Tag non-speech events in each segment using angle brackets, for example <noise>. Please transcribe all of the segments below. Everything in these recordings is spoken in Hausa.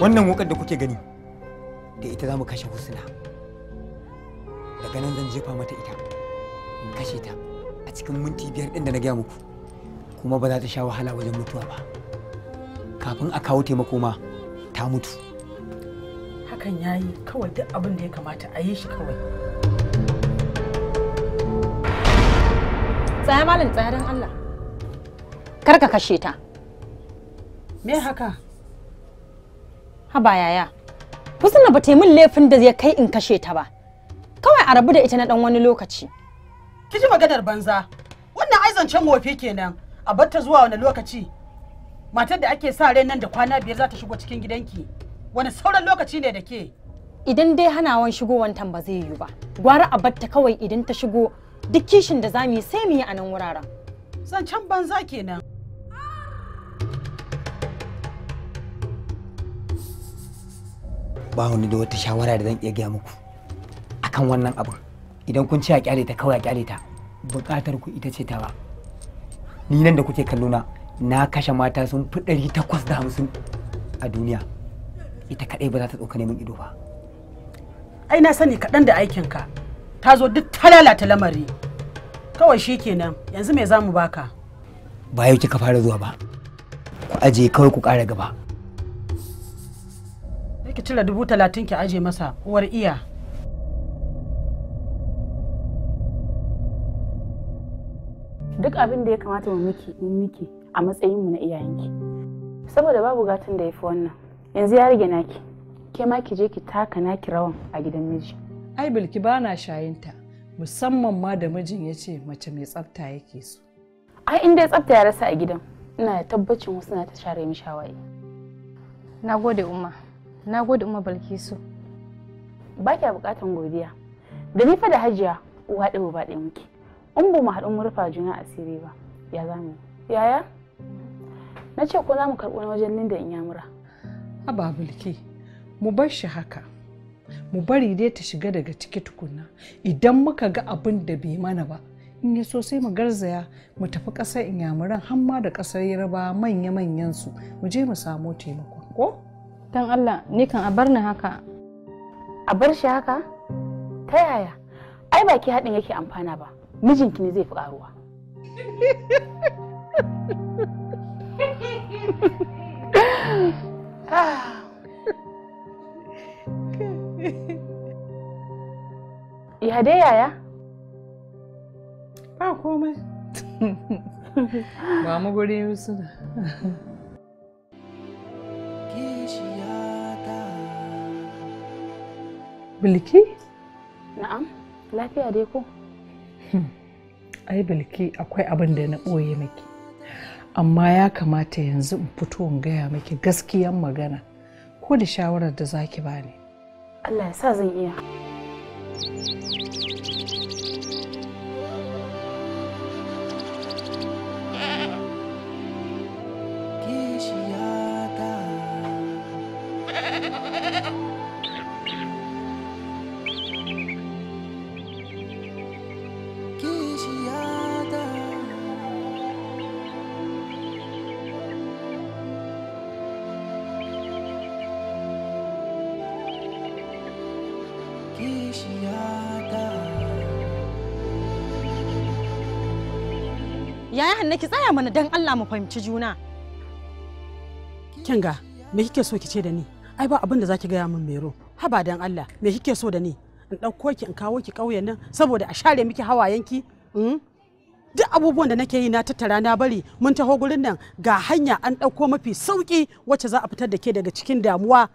wannan wukar da kuke gani da ita za mu kashe husna daga nan zan jefa mata ita in kashe ta a cikin minti biyar ɗin da na gaya muku kuma ba za ta sha wahala wajen mutuwa ba kafin a kawo taimako ma ta mutu hakan ya yi kawai duk abin da ya kamata a yi shi kawai tsaya malam tsaya allah kar ka kashe ta me haka Haba yaya. Husna ba ta yi min laifin da ya kai in kashe ta ba. Kawai a rabu da ita na dan wani lokaci. Ki ji maganar banza. Wannan ai zancen wofi kenan. A bar ta zuwa wani lokaci. Matar da ake sa rai nan da kwana biyar za ta shigo cikin gidanki. Wani sauran lokaci ne da ke. Idan dai hanawan shigowantan ba zai yiwu ba. Gwara a bar ta kawai idan ta shigo duk kishin da za mu yi sai mu yi a nan wuraren. Zancen banza kenan. ba ni da wata shawara da zan iya gaya muku akan wannan abin idan kun ci a kyale ta kawai a kyale ta bukatar ku ita ce tawa ni nan da kuke kalluna na kashe mata sun fi ɗari takwas da hamsin a duniya ita kaɗai ba za ta tsoka neman ido ba ai na sani kaɗan da aikin ka ta zo duk ta lalata lamari kawai shi kenan yanzu me zamu mu baka ba yau kika fara zuwa ba ku ajiye kawai ku ƙara gaba ki cire dubu talatin ki aje masa uwar iya duk abin da ya kamata mu miki mun miki a mu na iyayenki saboda babu gatan da ya fi wannan yanzu ya rage naki ke ma ki je ki taka naki rawan a gidan miji ai bilki ba na shayinta musamman ma da mijin ya ce mace mai tsafta yake so ai inda ya tsafta ya rasa a gidan ina da tabbacin wasu na ta share mi shawaye na gode umma na gode umma balkisu ba kya bukatan godiya da ni fa da hajiya uwa ɗaya ba ɗaya muke in ba mu haɗu mu rufa juna asiri ba ya za mu yaya na ce ko za mu karɓo na wajen ninda in yamura haba bulki mu bar shi haka mu bari dai ta shiga daga ciki tukunna idan muka ga abin da bai mana ba in ya so sai mu garzaya mu tafi ƙasar inyamuran ma da ƙasar yarba manya-manyan su mu je mu samo taimako ko don Allah ni kan a bar ni haka a bar shi haka ta yaya ai baki ki haɗin yake amfana ba mijinki ne zai fi ƙaruwa Ya dai yaya? Ba komai. Ba mu guri Yusuf. Bilki? Na'am, lafiya dai ko? Hmm. Ai Bilki akwai abin da na ɓoye miki. Amma ya kamata yanzu in fito in gaya miki gaskiyan magana ko da shawarar da zaki bani. Allah ya sa zan iya. Inna ki tsaya mana dan Allah mu fahimci juna. Kinga, me kike so ki ce da ni? Ai ba abin da zaki gaya min Mero. Haba dan Allah, me kike so da ni? In ɗauko ki in kawo ki ƙauyen nan saboda a share miki hawayenki? Hmm? Duk abubuwan da nake yi na tattara na bari mun taho gurin nan ga hanya an ɗauko mafi sauki wacce za a fitar da ke daga cikin damuwa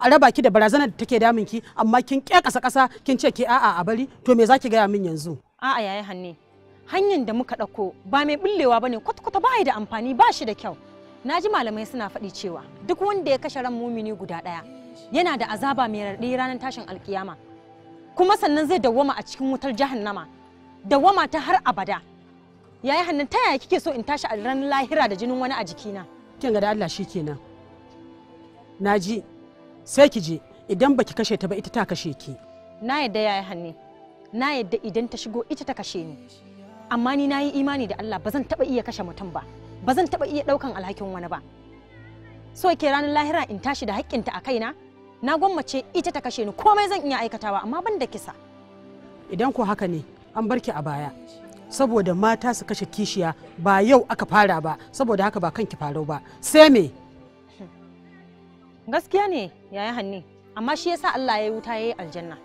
a raba ki da barazanar da take damun ki amma kin ƙe kasa ƙasa kin ce ki a'a a bari to me zaki gaya min yanzu? A'a yayi hanne hanyar da muka ɗauko ba mai bullewa ba ne kwata-kwata ba da amfani ba shi da kyau na ji malamai suna faɗi cewa duk wanda ya kashe ran mumini guda ɗaya yana da azaba mai raɗi ranar tashin alkiyama kuma sannan zai dawwama a cikin wutar jahannama dawwama ta har abada yayi hannun ta yaya kike so in tashi a ranar lahira da jinin wani a jikina kin ga da Allah shikenan naji sai ki je idan baki kashe ta ba ita ta kashe ki na yadda yayi hanne na yadda idan ta shigo ita ta kashe ni amma ni na yi imani da Allah bazan zan taɓa iya kashe mutum ba ba zan taɓa iya ɗaukan alhakin wani ba so ke ranar lahira in tashi da haƙƙinta a kaina na gwammace ita ta kashe ni komai zan iya aikatawa amma ban da kisa idan ko haka ne an barki a baya saboda mata su kashe kishiya ba yau aka fara ba saboda haka ba kan ki farau ba sai me gaskiya ne yayi hanni amma shi yasa Allah ya yi wuta ya yi aljanna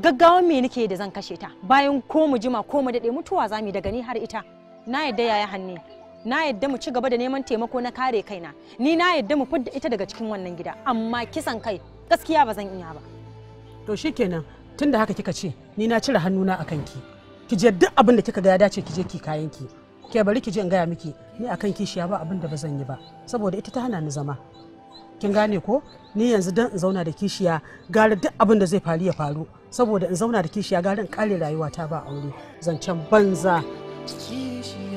gaggawan me nake da zan kashe ta bayan ko mu jima ko mu dade mutuwa zamu mu daga ni har ita na yadda yaya hanne na yadda mu ci gaba da neman taimako na kare kaina ni na yadda mu fudda ita daga cikin wannan gida amma kisan kai gaskiya ba zan iya ba to shikenan tunda haka kika ce ni na cire na akan ki ki je duk abin da kika ga ya dace ki je ki kayan ki ke bari ki je in gaya miki ni akan kishiya ba abin da ba zan yi ba saboda ita ta hana ni zama kin gane ko ni yanzu dan in zauna da kishiya gara duk abin da zai faru ya faru saboda in zauna da kishiya gara in kare rayuwata ba aure zancen banza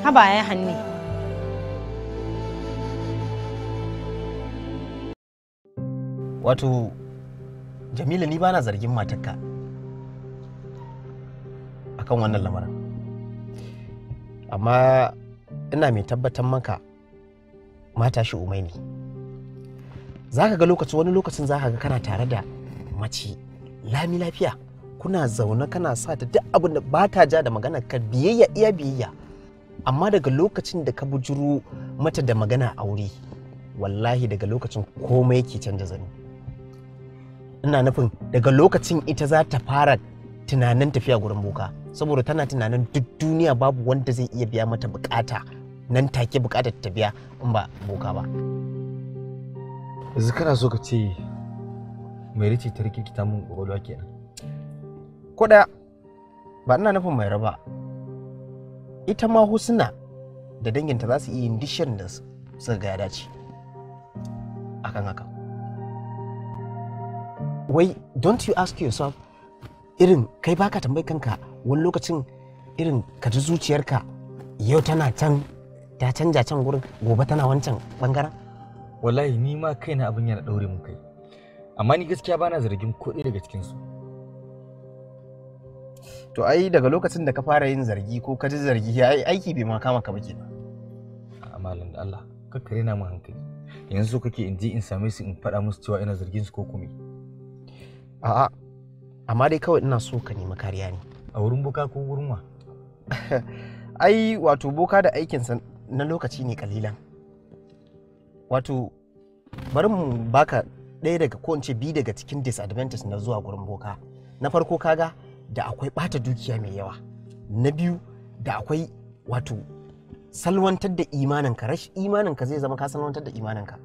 haba ya hanni wato jamila ni bana zargin matarka akan wannan lamarin amma ina mai tabbatar maka mata shi umai za ka ga lokaci wani lokacin za ka ga kana tare da mace lami lafiya kuna zaune kana sa ta duk abin da ba ta ja da magana ka biyayya iya biyayya amma daga lokacin da ka bujuru mata da magana a wuri wallahi daga lokacin komai yake canza zani ina nufin daga lokacin ita za ta fara tunanin tafiya gurin boka saboda tana tunanin duk duniya babu wanda zai iya biya mata bukata nan take bukatar ta biya in ba boka ba. yanzu kana so ka ce mai rice ta rikikita mun kwakwalwa kenan ko daya ba ina nufin mai raba ita ma husna da danginta za su iya yin dishiyar da su ga ya dace akan haka wai don't you ask yourself irin kai baka tambayi kanka wani lokacin irin ka ji zuciyarka yau tana can ta canja can gurin gobe tana wancan bangaren wallahi ni ma kaina abin yana daure mun kai amma ni gaskiya bana zargin ko daga cikin su to ai daga lokacin da ka fara yin zargi ko ka ji zargi ai aiki bai ma kama ka ba kenan a malam da Allah kakkare na mu hankali yanzu kake in je in same su in faɗa musu cewa ina zargin su ko kuma a'a amma dai kawai ina so ka nemi kariya ne a wurin boka ko wurin wa <laughs> ai wato boka da aikinsa na lokaci ne kalilan wato bari mu baka ɗaya daga ko ce bi daga cikin disadvantage na zuwa gurin boka na farko kaga da akwai ɓata dukiya mai yawa na biyu da akwai wato salwantar da imaninka rashin imaninka zai zama ka salwantar da imaninka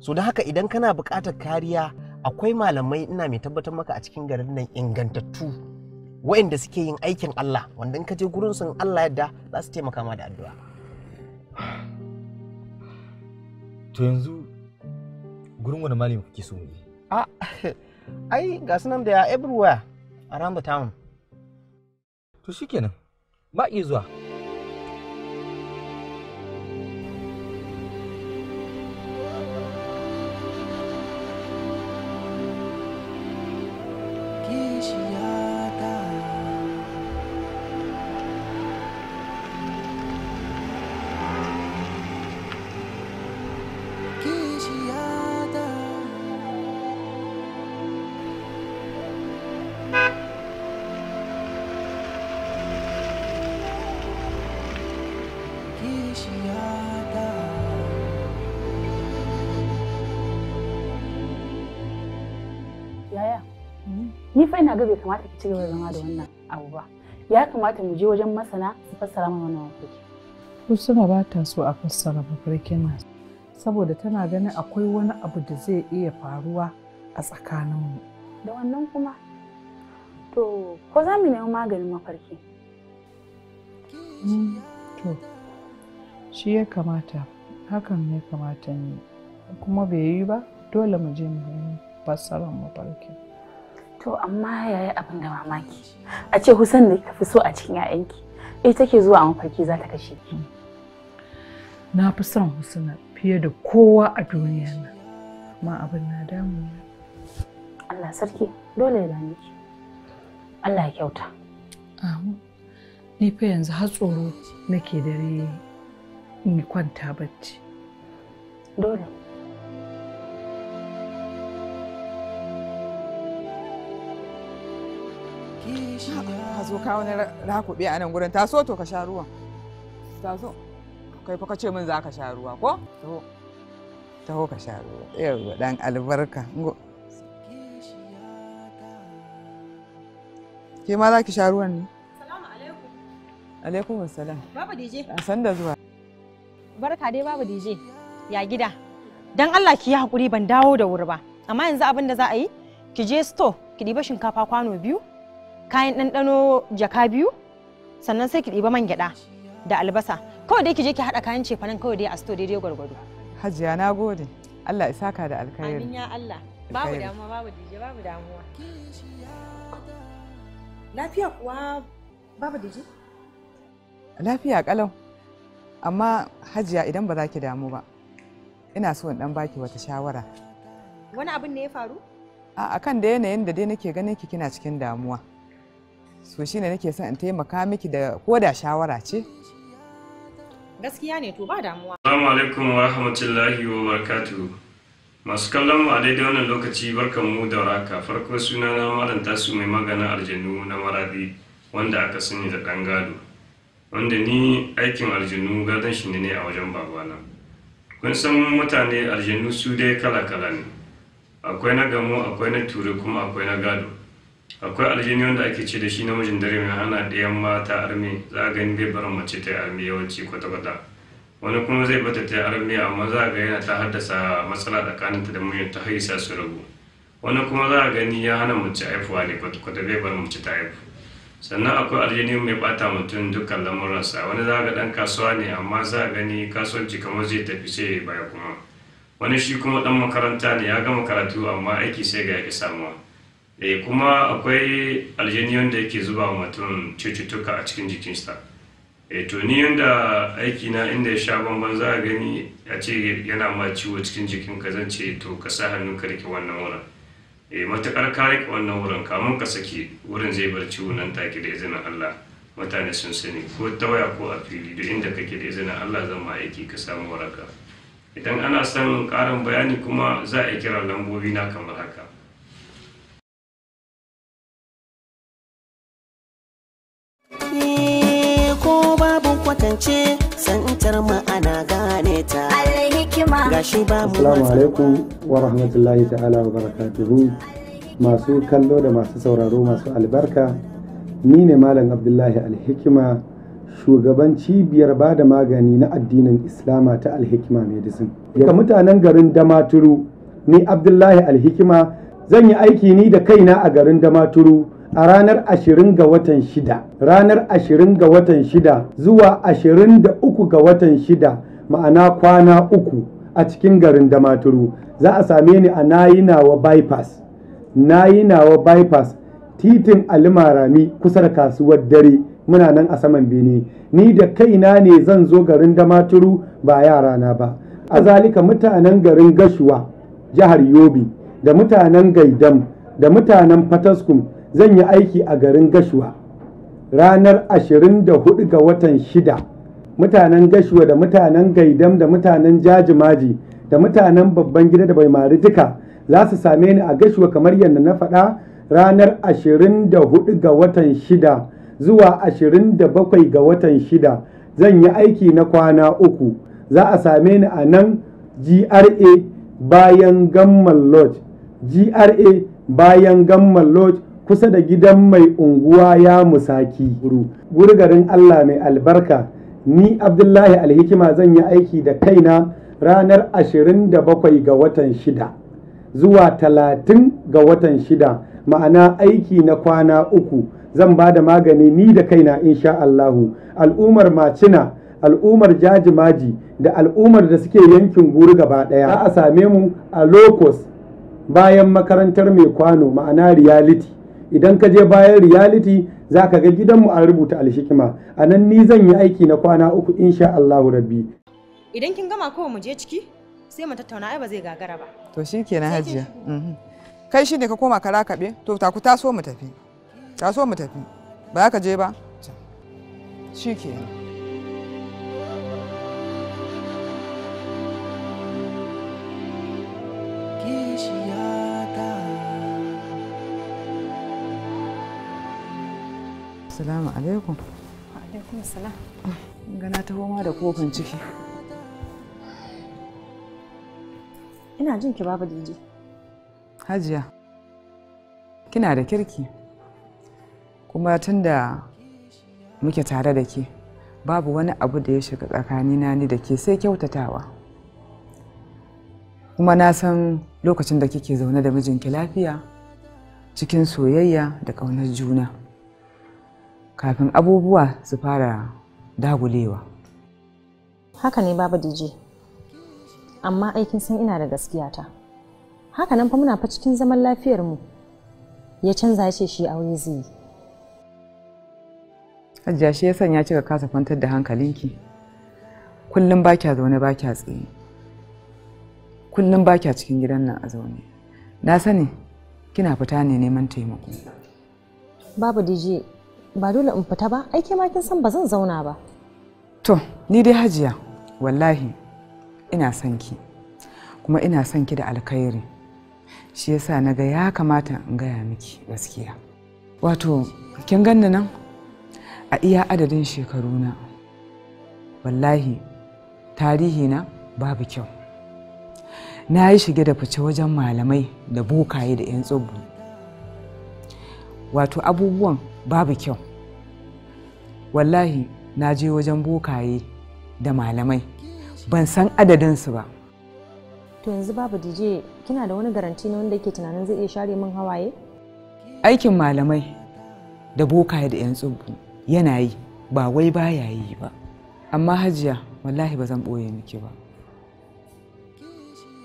so da haka idan kana buƙatar kariya akwai malamai ina mai tabbatar maka a cikin garin nan ingantattu waɗanda suke yin aikin Allah wanda in ka je gurin sun Allah yadda za su taimaka ma da addu'a to yanzu gurin wani malami kuke so ne a ah, <laughs> ai ga sunan da ya everywhere around the town to shikenan ba iya zuwa yaya ni fa ina ga bai kamata ki ci gaba zama da wannan abu ba ya kamata mu je wajen masana su fassara mana wannan mafarki Kusura ba ta so a fassara mafarkin nan saboda tana ganin akwai wani abu da zai iya faruwa a tsakaninmu. Da wannan kuma? To, ko za mu nemi maganin mafarki? Hmm, to, shi ya kamata hakan ya kamata ne kuma bai yi ba dole mu je mu yi fassarar mafarki. to amma yaya abin da mamaki a ce husan da ka fi so a cikin 'ya'yanki ita eh, take zuwa a mafarki za ta kashe ki hmm. na fi son husna fiye da kowa a duniya na, amma abin na damu Allah sarki dole ya dame ki Allah ya kyauta amin ni fa yanzu har tsoro nake dare in kwanta bacci dole ka zo kawo na rakuɓe a nan gurin taso to ka sha ruwa taso kai fa ka ce min za ka sha ruwa ko taho taho ka sha ruwa Yau, dan albarka ke ma za ki sha ruwan ne alaikum salam baba dije a san da zuwa barka dai babu DJ ya gida dan Allah ki yi hakuri ban dawo da wuri ba amma yanzu abin da za a yi ki je store ki ɗiba shinkafa kwano biyu kayan ɗanɗano jaka biyu sannan sai ki ɗiba man gyaɗa da albasa kawai dai ki je ki haɗa kayan cefanen kawai dai a store daidai gwargwado hajiya na gode Allah isa ka da alkhairi amin ya Allah babu damuwa babu DJ babu damuwa lafiya kuwa babu DJ lafiya kalau amma hajiya idan ba za ki damu ba ina so in dan baki wata shawara wani abin ne ya faru a akan da yanayin da dai nake ganin ki kina cikin damuwa so shine nake son in taimaka miki da koda shawara ce gaskiya ne to ba damuwa assalamu alaikum wa rahmatullahi wa barakatuh masu kallon mu a daidai wannan lokaci barkan mu da raka farko suna na malam tasu mai magana aljanu na maradi wanda aka sani da dan gado wanda ni aikin aljanu gadon shi ne a wajen babana kun san mutane aljanu su dai kala-kala ne akwai na gamo akwai na ture kuma akwai na gado akwai aljini wanda ake ce da shi namijin dare mai hana ɗayan mata armi za a gani bai barin mace ta armi yawanci kwata-kwata wani kuma zai bata ta armi amma za a ga yana ta haddasa matsala tsakaninta da mu ta haisa su ragu. wani kuma za a gani ya hana mace haifuwa ne kwata-kwata bai barin mace ta haifu sannan akwai aljini mai bata mutum dukkan lamuransa wani za ga dan kasuwa ne amma za gani kasuwanci kamar zai tafi sai baya kuma wani shi kuma dan makaranta ne ya gama karatu amma aiki sai ga ki samuwa eh kuma akwai aljini wanda yake zuba wa mutum cututtuka a cikin jikinsa eh to ni yanda aiki na inda ya sha bamban za gani a ce yana ma ciwo cikin ka zan ce to ka sa hannu ka rike wannan wurin e eh, matakar ka rike wannan wurin kamun ka saki wurin zai bar ciwo nan take da izinin Allah mutane sun sani ko ta waya ko a fili duk inda kake da izinin Allah zan ma aiki ka samu waraka idan ana son karin bayani kuma za a kira lambobi na kamar haka eh, ko babu kwatance santar ma'ana gane ta gashi alaikum wa rahmatullahi ta'ala wa barakatuhu masu kallo da masu sauraro masu albarka ni ne malam Abdullahi Alhikima shugaban cibiyar ba da magani na addinin Islama ta Alhikima Medicine. Ga mutanen garin Damaturu ni Abdullahi Alhikima zan yi aiki ni da kaina a garin Damaturu a ranar 20 ga watan 6 ranar 20 ga watan 6 zuwa 23 ga watan 6 ma'ana kwana uku a cikin garin damaturu za a same ni a nayinawa bypass nayi bypass titin alimarami kusa da kasuwar dare muna nan a saman bene ni da kaina ne zan zo garin damaturu ba yarana ba a zalika mutanen garin gashuwa jihar yobe da mutanen gaidam da mutanen fataskum zan yi aiki a garin gashuwa ranar 24 ga watan shida. mutanen gashuwa da mutanen gaidam da mutanen jajimaji da mutanen babban gida da bai mari duka za su same ni a gashuwa kamar yadda na faɗa ranar 24 ga watan shida zuwa 27 ga watan shida zan yi aiki na kwana uku za a same ni a nan gra bayan gammal lodge gra bayan gammal lodge kusa da gidan mai unguwa ya musaki wuri garin allah mai albarka ni abdullahi alhikima zan yi aiki da kaina ranar 27 ga watan shida zuwa 30 ga watan shida ma'ana aiki na kwana uku zan ba da magani ni da kaina insha Allahu al'ummar macina al'ummar jajimaji da al'ummar da suke yankin guri gaba daya a same mu a locus bayan makarantar mai kwano ma'ana reality idan ka je bayan reality za ka ga gidanmu an rubuta alshikima a nan ni zan yi aiki na kwana uku insha Allahu rabbi idan kin gama kowa mu je ciki sai mu tattauna ai ba zai gagara ba to shikenan hajiya mhm. kai shine ka koma ka kabe to ta ku taso mu tafi taso mu tafi ba ka je ba shikenan Assalamu alaikum. Wa alaikum salam. Gana ta ma da kofin ciki. Ina jin ki Baba Dije. Hajiya. Kina da kirki. Kuma tunda muke tare da ke babu wani abu da ya shiga tsakanina ni da ke sai kyautatawa. Kuma na san lokacin da kike zaune da mijinki lafiya cikin soyayya da ƙaunar juna. kafin abubuwa su fara dagulewa. Haka ne Baba DJ, amma aikin san ina da gaskiyata. Haka nan fa muna fa cikin zaman lafiyar mu. ya canza ya ce shi aure zai yi. shi ya sanya kika kasa kwantar da hankalinki. Kullum ba kya zaune ba kya tsaye. Kullum ba kya cikin gidan nan a zaune. Na sani kina fita ne neman taimako. Babu DJ ba dole in fita ba aiki ma kin san ba zan zauna ba to ni dai hajiya wallahi ina son ki kuma ina son ki da alkhairi shi yasa na ga ya kamata in gaya miki gaskiya wato kin ganni nan a iya adadin shekaru na. wallahi tarihi na babu kyau na yi shige da fice wajen malamai da bokaye da 'yan tsubu wato abubuwan babu kyau wallahi na je wajen bokaye da malamai ban san adadinsu ba to yanzu babu dj kina da wani garanti na wanda ke tunanin zai iya share min hawaye aikin malamai da bokaye da 'yan tsubu yana yi ba wai baya yi ba amma hajiya wallahi ba zan ɓoye miki ba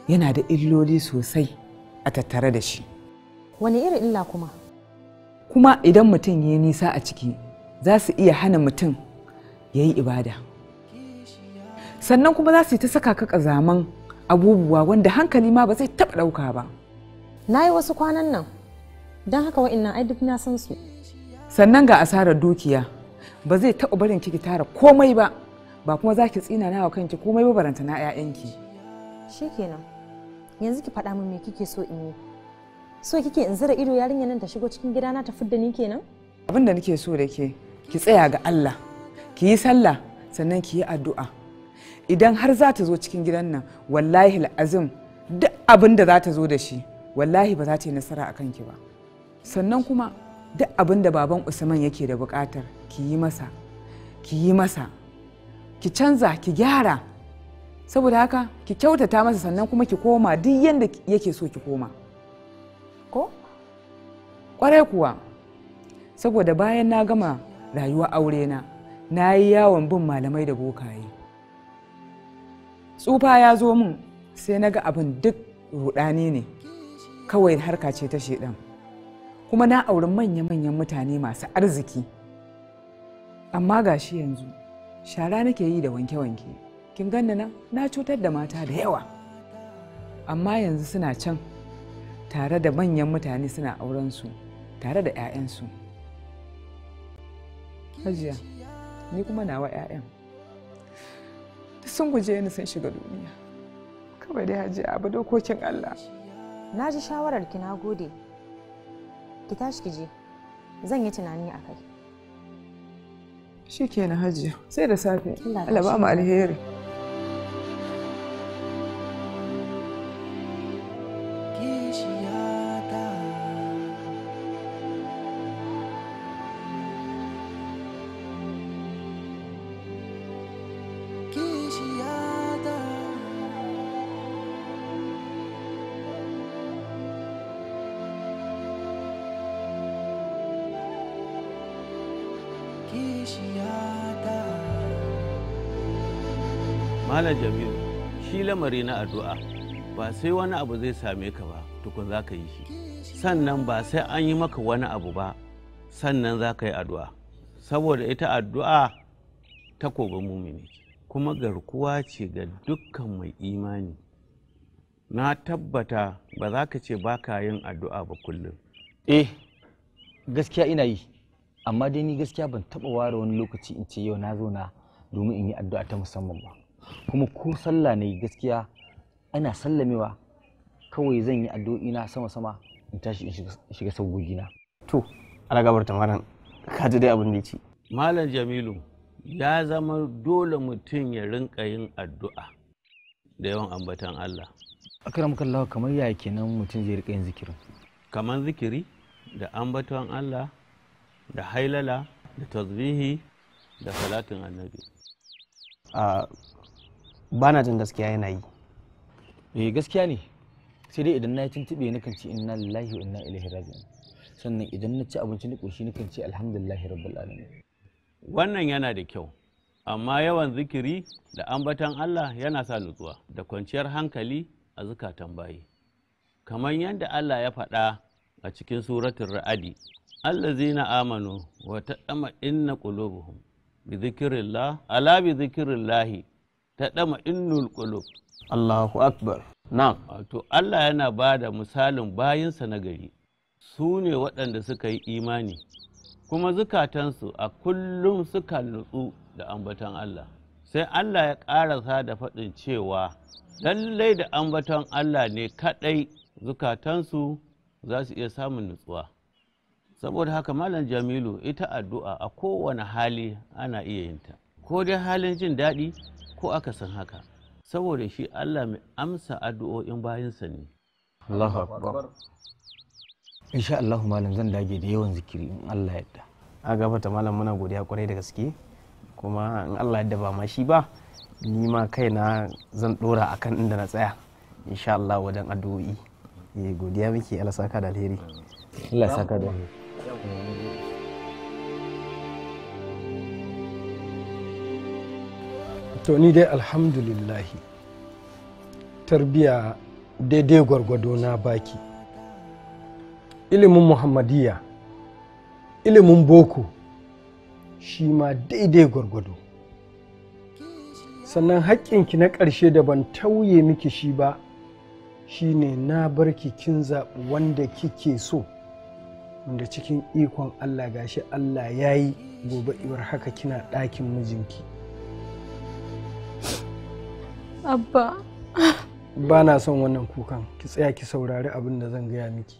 yana da illoli sosai a tattare da shi wani irin illa kuma kuma idan mutum ya nisa a ciki za su iya hana mutum ya yi ibada sannan kuma za su yi ta saka ka kazaman abubuwa wanda hankali ma ba zai taɓa ɗauka ba na yi wasu kwanan nan don haka wa'innan ai duk na san su sannan ga asarar dukiya ba zai taɓa barin kiki tara komai ba ba kuma za ki tsina nawa kanki komai ba baranta na 'ya'yanki shikenan yanzu ki faɗa min me kike so in yi so kike in zira ido yarinya nan ta shigo cikin gidana ta fidda ni kenan abin da nake so da ke ki tsaya ga Allah ki yi sallah sannan ki yi addu'a idan har za ta zo cikin gidan nan wallahi la'azim duk abin da za ta zo da shi wallahi ba za ta yi nasara a kanki ba sannan kuma duk abin da baban usman yake da buƙatar ki yi masa ki yi masa ki canza ki gyara saboda haka ki kyautata masa sannan kuma ki koma duk yadda yake so ki koma ko ƙwarai kuwa saboda bayan na gama rayuwar aure na na yi yawon bin malamai da bokaye tsufa ya zo min sai na ga abin duk rudani ne kawai harka ce ta shedan kuma na auri manya-manyan mutane masu arziki amma ga shi yanzu shara nake yi da wanke-wanke kin ganna nan na cutar da mata da yawa amma yanzu suna can tare da manyan mutane suna auren su tare da 'ya'yansu. hajiya ni kuma nawa 'ya'yan duk sun guje ni sun shiga duniya kawai dai hajiya abu dokokin allah na ji shawarar ki na gode ki tashi ki je zan yi tunani a kai kenan hajiya sai da safe allah ba mu alheri Malam Jamilu, shi lamari na addu'a ba sai wani abu zai same ka ba tukun za ka yi shi. Sannan ba sai an yi maka wani abu ba sannan za ka yi addu'a. Saboda ita addu'a ta kogon mumini kuma garkuwa ce ga dukkan mai imani. Na tabbata ba za ka ce ba ka yin addu'a ba kullum. Eh, gaskiya ina yi. amma dai ni gaskiya ban taba ware wani lokaci in ce yau na zo na domin in yi addu'a ta musamman ba kuma ko sallah ne gaskiya ana sallamewa kawai zan yi addu'o'i na sama sama in tashi in shiga sabgogi na to gabar tamaran ka ji dai abin da ci malam jamilu ya zama dole mutum ya rinka yin addu'a da yawan ambatan Allah akram kallahu kamar ya kenan mutum zai rika yin zikirin kamar zikiri da ambaton Allah da hailala da tasbihi da salatin annabi ba na jin gaskiya yana yi eh gaskiya ne sai dai idan na yi tuntuɓe na kan ci inna lillahi wa inna ilaihi raji'un sannan idan na ci abinci na ƙoshi na kan ce alhamdulillahi rabbil alamin wannan yana da kyau amma yawan zikiri da ambatan Allah yana sa nutsuwa da kwanciyar hankali a zukatan bayi kamar yadda Allah ya faɗa a cikin suratul ra'adi allazina amanu wa taqma inna qulubuhum bi dhikrillah ala bi lahi. ta dama innul qulub Allahu akbar na'am wato Allah yana ba da misalin bayinsa na gari su ne waɗanda suka yi imani kuma zukatansu a kullum suka nutsu da ambaton Allah sai Allah ya ƙarasa da faɗin cewa lallai da ambaton Allah ne kaɗai zukatansu za su iya samun nutsuwa saboda haka malam jamilu ita addu'a a kowane hali ana iya yinta ko dai halin jin daɗi ko san haka saboda shi Allah mai amsa addu'o'in bayansa ne Allahu akbar insha Allah malam zan dage da yawan zikiri in Allah yadda a gabata malam muna godiya kwarai da gaske kuma in Allah yadda ba ma shi ba ni ma kaina zan dora akan inda na tsaya insha Allah wajen addu'o'i eh, godiya muke Allah saka da alheri Allah saka da alheri to ni dai alhamdulillahi tarbiya daidai gwargwado na baki ilimin muhammadiyya ilimin boko shi ma daidai gwargwado sannan haƙƙinki na ƙarshe da ban tauye miki shi ba shi ne na barki kin zaɓi wanda kike so wanda cikin ikon allah gashi allah ya yi gobe iwar haka kina ɗakin mijinki Abba. Ba na son wannan kukan, ki tsaya ki saurari abin da zan gaya miki.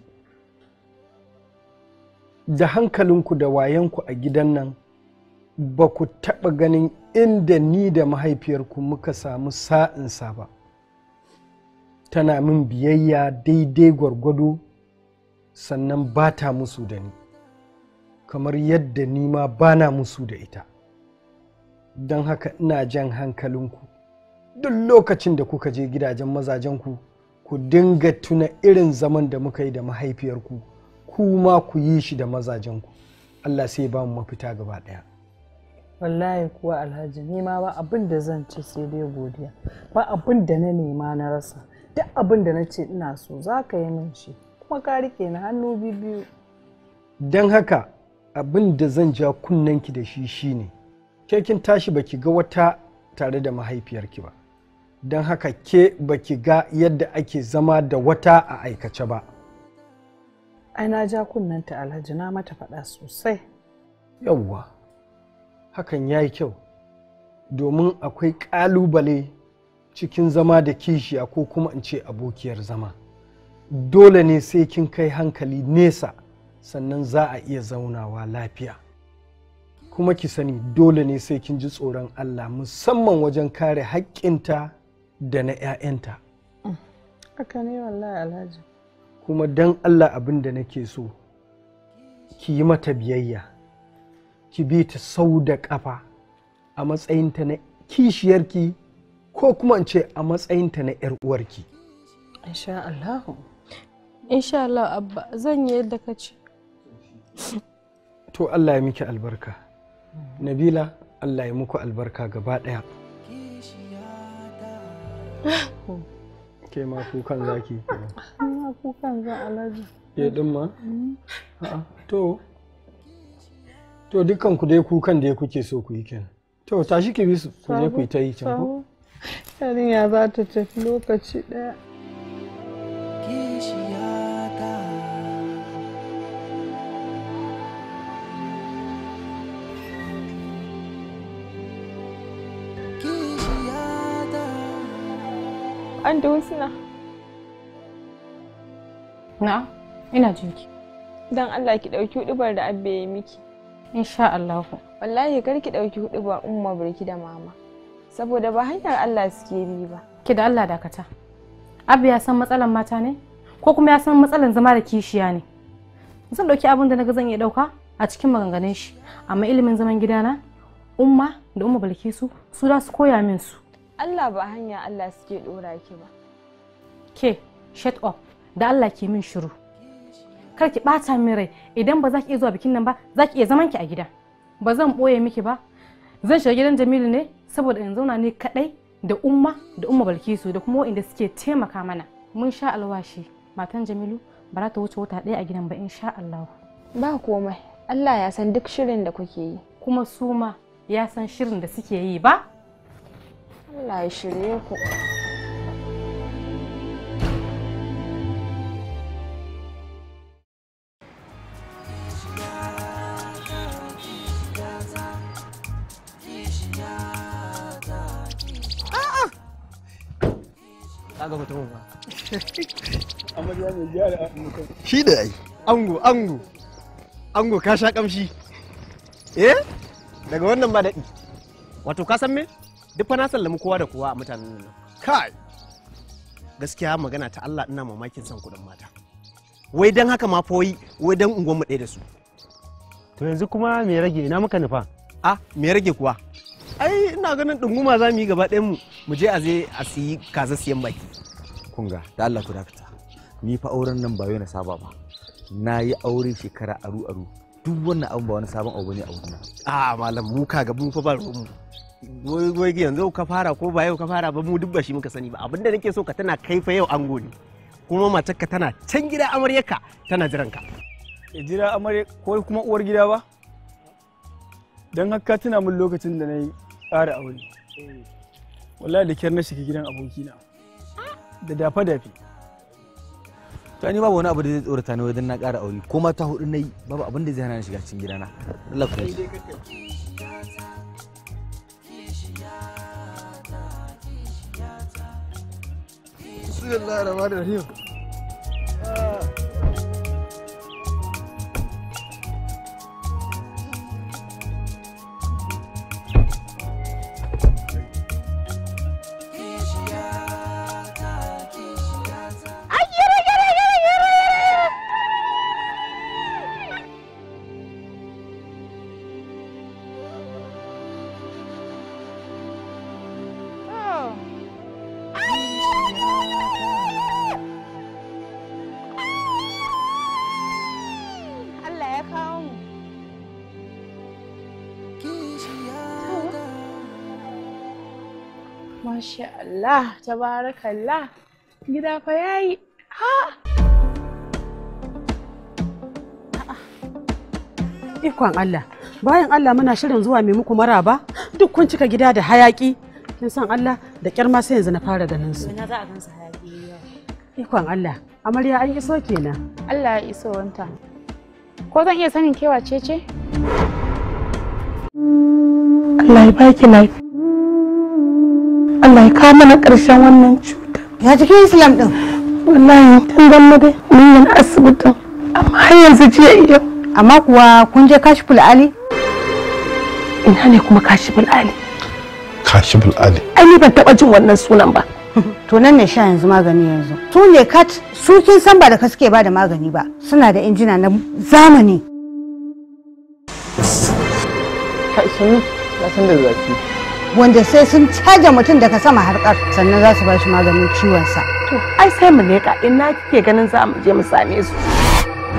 Da hankalinku da wayanku a gidan nan, ba ku taɓa ganin inda ni da mahaifiyarku muka samu sa'insa ba. Tana min biyayya daidai gwargwado sannan ba ta musu da ni, kamar yadda ni ma ba na musu da ita. Don haka ina jan hankalinku. duk lokacin da kuka je gidajen mazajen ku ku dinga tuna irin zaman da muka yi da mahaifiyarku kuma ku yi shi da mazajen ku, Allah sai ba mu mafita gaba ɗaya. wallahi kuwa alhaji ni ma ba abin da zan ci sai dai godiya ba abin da na nema na rasa duk abin da na ce ina so za ka yi min shi kuma ka rike ni hannu biyu don haka abin da zan ja kunnanki da shi shine ke kin tashi baki ga wata tare da mahaifiyarki ba don haka ke baki ga yadda ake zama da wata a aikace ba ai na ja kunnanta alhaji na mata faɗa sosai yawwa hakan ya yi kyau domin akwai ƙalubale cikin zama da kishiya ko kuma in ce abokiyar zama dole ne sai kin kai hankali nesa sannan za a iya zaunawa lafiya kuma ki sani dole ne sai kin ji tsoron allah musamman wajen kare haƙƙinta da na 'ya'yanta Aka ne wallahi alhaji kuma don allah abin da nake so ki yi mata biyayya ki bi ta sau da ƙafa a matsayinta na kishiyarki ko kuma ce a matsayinta na 'yar uwarki insha Allah insha Allah abba zan yi yadda ka ce to Allah ya miki albarka nabila Allah ya muku albarka gaba ɗaya Ke ma kukan zaki kuma. Ma kukan za alaji. Ke din ma? Mm. a to. To dukkan ku dai kukan da kuke so ku yi kenan. To tashi ki bi su ku je ku yi ta yi can ko? Yarinya za ta tafi lokaci daya da na ina jinki don allah ki ɗauki huɗubar da abba ya miki insha allah wallahi kar ki ɗauki huɗubar umma burki da mama saboda ba hanyar allah suke bi ba ki da allah dakata abba ya san matsalan mata ne ko kuma ya san matsalan zama da kishiya ne zan ɗauki abin da naga zan iya ɗauka a cikin maganganun shi amma ilimin zaman gidana umma da umma balkisu su za su koya min su Allah ba hanya Allah suke dora ki ba ke shut up da Allah ke min shiru kar ki bata min rai idan ba za ki iya zuwa bikin nan ba za ki iya zaman ki a gida ba zan boye miki ba zan shiga gidan Jamilu ne saboda in zauna ne kadai da umma da umma Balkisu da kuma waɗanda suke taimaka mana mun sha alwashi matan Jamilu ba za ta wuce wata ɗaya a gidan ba sha Allah ba komai Allah ya san duk shirin da kuke yi kuma su ma ya san shirin da suke yi ba 来时的火。kaga mutumin ba amarya mai gyara mutum shi da ai ango ango ango ka sha kamshi eh daga wannan ba daɗi wato ka san me duk fa na sallami kowa da kowa a mutanen nan kai gaskiya magana ta Allah ina mamakin san kuɗin mata wai dan haka ma foyi wai dan unguwar mu ɗaya da su to yanzu kuma me rage ina muka nufa a me rage kuwa ai ina ganin ɗunguma za mu yi gaba ɗayan mu mu je a je a siyi kaza siyan baki kunga da Allah ku dakata ni fa auren nan ba na saba ba na yi aure shekara aru aru duk wannan abun ba wani sabon abu ne a wurin a malam mu kaga mu fa ba ruwan mu goyi yanzu ka fara ko ba yau ka fara ba mu dubba shi muka sani ba abinda nake so ka tana kai fa yau an gode kuma ka tana can gida amaryarka tana jiran ka jira amarya ko kuma uwar gida ba don haka tuna min lokacin da na yi ƙara aure wallahi da kyar na shiga gidan abokina da dafa dafi to ni babu wani abu da zai tsorata ni wajen na ƙara aure ko mata hudu na yi babu abin da zai hana ni shiga cikin gidana Allah ku Bismillahirrahmanirrahim. here. Uh, Allah tabarakallah gida fa yayi ha ikon Allah bayan Allah muna shirin zuwa mai muku maraba duk kun cika gida da hayaki kin san Allah da kyar ma sai yanzu na fara ganin su ina za a gansa hayaki ikon Allah amarya an iso kenan Allah ya iso wanta ko zan iya sanin kewa ce ce Allah ya baki lafiya Allah ya kawo mana ƙarshen wannan cuta ya cikin islam din wallahi tun dan mu dai mun yi asibitin amma har yanzu jiya iya amma kuwa kun je kashiful ali ina ne kuma kashiful ali kashiful ali ai ni ban taba jin wannan sunan ba <laughs> to nan ne sha yanzu magani yanzu su ne kat su kin san ba da ka suke ba da magani ba suna da injina na zamani ka isani na san da wanda sai sun caje mutum daga sama harkar sannan za su ba shi maganin ciwonsa. To, ai sai mu leƙa ina kike ganin za mu je mu same su.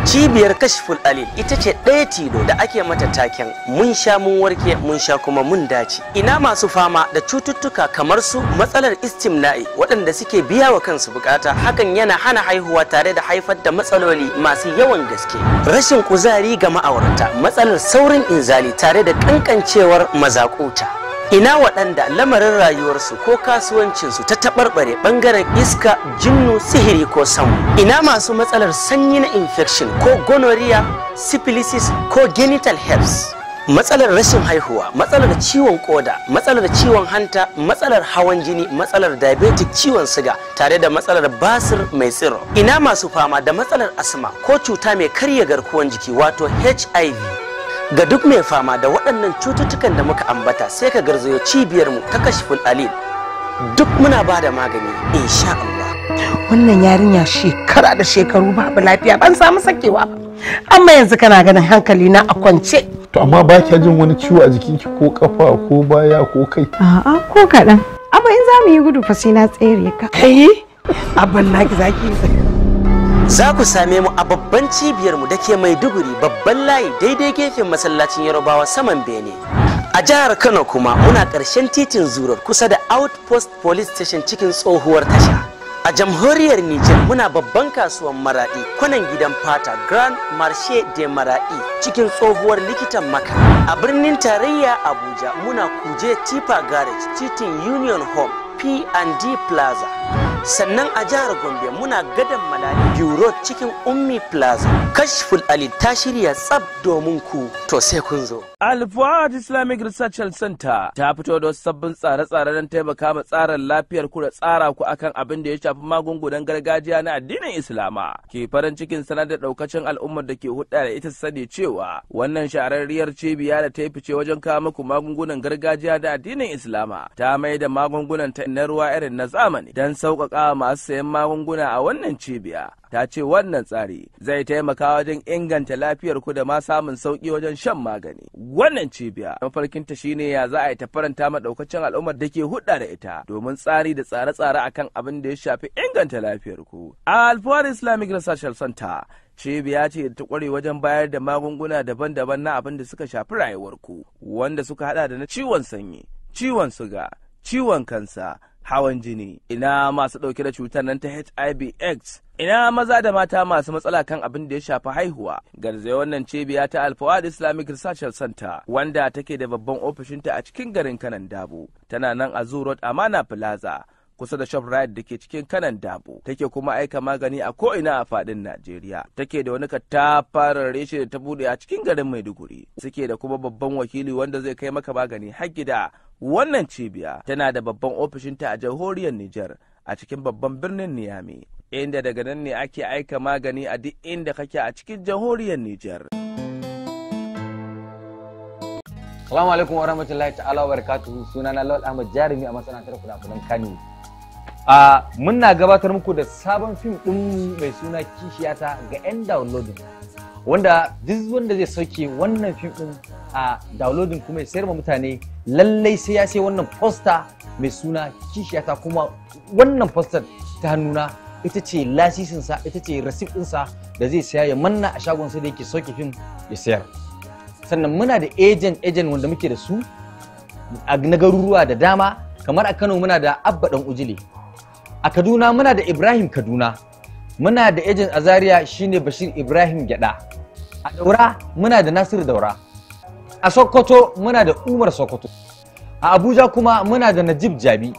Cibiyar Kashiful Alil ita ce ɗaya tilo da ake mata taken mun sha mun warke mun sha kuma mun dace. Ina masu fama da cututtuka kamar su matsalar istimna'i waɗanda suke biya wa kansu bukata hakan yana hana haihuwa tare da haifar da matsaloli masu yawan gaske. Rashin kuzari ga ma'aurata matsalar saurin inzali tare da kankancewar mazakuta. ina waɗanda lamarin rayuwarsu ko kasuwancinsu ta taɓarɓare ɓangaren iska jinnu sihiri ko samu ina masu matsalar sanyi na infection ko gonorrhea syphilis ko genital herpes matsalar rashin haihuwa matsalar ciwon koda matsalar ciwon hanta matsalar hawan jini matsalar diabetic ciwon siga tare da matsalar basir mai tsiro ina masu fama da matsalar asma ko cuta mai karya garkuwan jiki wato hiv Ga duk mai fama da waɗannan cututtukan da muka ambata sai ka garzayo cibiyarmu ta kashiful alil. Duk muna ba da magani insha Allah. Wannan yarinya shekara da shekaru babu lafiya ban samu sakewa ba. Amma yanzu kana ganin hankali na a kwance. To amma ba kya jin wani ciwo a jikinki ko kafa ko baya ko kai? A'a ko kaɗan. Amma in za mu yi gudu fa sai na tsere ka. Kai abin na ki, zaki. za ku same mu a babban cibiyarmu da ke maiduguri babban layi daidai gefen masallacin yarubawa saman bene a jihar kano kuma muna ƙarshen titin zurar kusa da outpost police station cikin tsohuwar tasha a jamhuriyar niger muna babban kasuwan maraɗi kwanan gidan fata grand marche de maraɗi cikin tsohuwar likitan maka a birnin tarayya abuja muna kuje tipa garage titin union home p&d plaza sannan a jihar gombe muna gadan malali biro cikin ummi plaza kashful ali ta shirya tsab domin ku to sai kun zo Alfuad Islamic Research Center ta fito da sabbin tsare-tsare don taimaka ma tsarin lafiyar ku da tsara ku akan abin da ya shafi magungunan gargajiya na addinin Islama. Ke farin cikin sanar da daukacin al'ummar da ke hudda da ita sani cewa wannan shahararriyar cibiya da ta yi fice wajen kawo muku magungunan gargajiya da addinin Islama ta mai da magungunan ta na ruwa irin na zamani don sauƙaƙa masu sayan magunguna a wannan cibiya. Ta ce wannan tsari zai taimaka wajen inganta lafiyar ku da ma samun sauƙi wajen shan magani. wannan cibiya mafarkinta shine ya za a yi ta faranta ma al'ummar da ke hudda da ita domin tsari da tsare-tsare akan abin da ya shafi inganta lafiyar ku alfawar islamic research center cibiya ce da ta kware wajen bayar da magunguna daban-daban na abin da suka shafi rayuwar ku wanda suka hada da na ciwon sanyi ciwon suga ciwon kansa hawan jini ina masu ɗauke da cutar nan ta hiv aids ina maza da mata masu matsala kan abin da ya shafi haihuwa garzaya wannan cibiya ta alfawad islamic research center wanda take da babban ofishinta a cikin garin kanan dabo tana nan a zoo road amana plaza kusa da shoprite da ke cikin kanan dabo take kuma aika magani a ko'ina a fadin najeriya take da wani katafarar reshe da ta bude a cikin garin maiduguri suke da kuma babban wakili wanda zai kai maka magani har gida wannan cibiya tana da babban ofishinta a jamhuriyar niger a cikin babban birnin niyami inda daga nan ne ake aika magani a duk inda kake a cikin jamhuriyar niger Assalamu alaikum wa ta'ala wa barakatuhu sunana Lord Ahmad Jarumi a masana'antar kudakudan Kano. a muna gabatar muku da sabon fim ɗin mai suna kishiyata ga 'yan downloading wanda duk wanda zai sauke wannan fim ɗin a downloading kuma ya sayar ma mutane lallai sai ya sai wannan poster mai suna kishiyata kuma wannan poster ta hannuna ita ce lasisinsa ita ce rasif ɗinsa da zai saya ya manna a shagonsa da yake sauke fim ya sayar sannan muna da agent agent wanda muke da su na garuruwa da dama kamar a kano muna da abba dan ujile a kaduna muna da ibrahim kaduna muna da ejin azariya shine bashir ibrahim gyada a daura muna da Nasiru daura a sokoto muna da umar sokoto a abuja kuma muna da najib jabi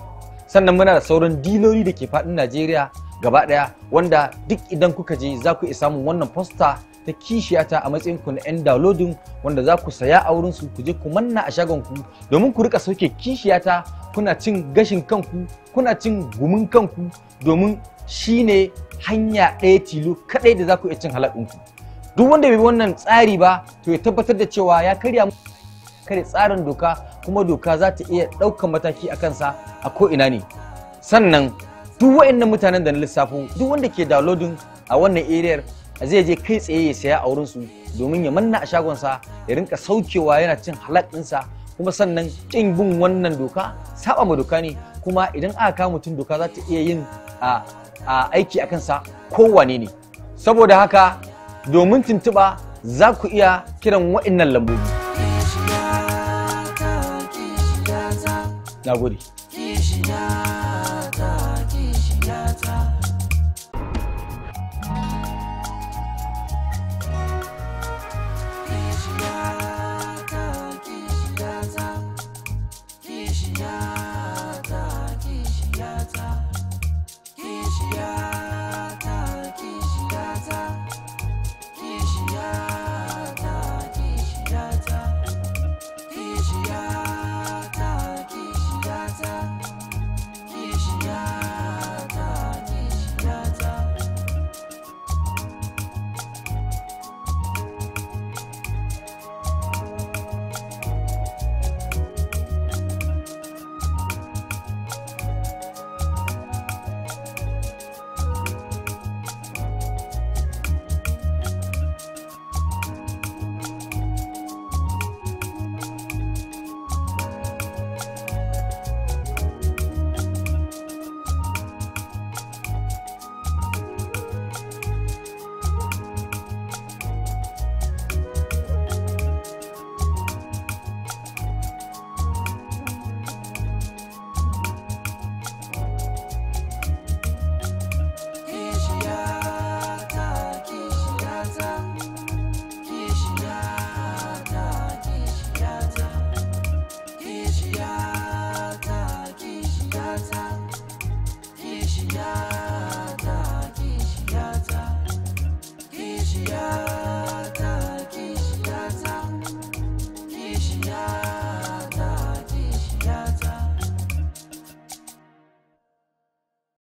sannan muna da sauran diloli da ke faɗin najeriya gaba ɗaya wanda duk idan kuka je za ku isa mun wannan fosta ta kishiyata a matsayin ku na 'yan downloading wanda za ku saya a wurin su ku je ku manna a shagon ku domin ku rika sauke kishiyata kuna cin gashin kanku kuna cin gumin kanku domin shine hanya ɗaya tilo kaɗai da za ku iya cin halakun ku duk wanda bai bi wannan tsari ba to ya tabbatar da cewa ya karya kare tsarin doka kuma doka za ta iya ɗaukar mataki a kansa a ko'ina ne sannan duk waɗannan mutanen da na lissafo duk wanda ke downloading a wannan eriyar. zai je kai tsaye ya saya a wurinsu domin ya manna a shagonsa ya rinka saukewa yana cin halak ɗinsa kuma sannan kin bin wannan doka saba ma doka ne kuma idan aka mutum doka za ta iya yin a aiki a kansa kowane ne saboda haka domin tuntuɓa za ku iya kiran wa'innan lambobi na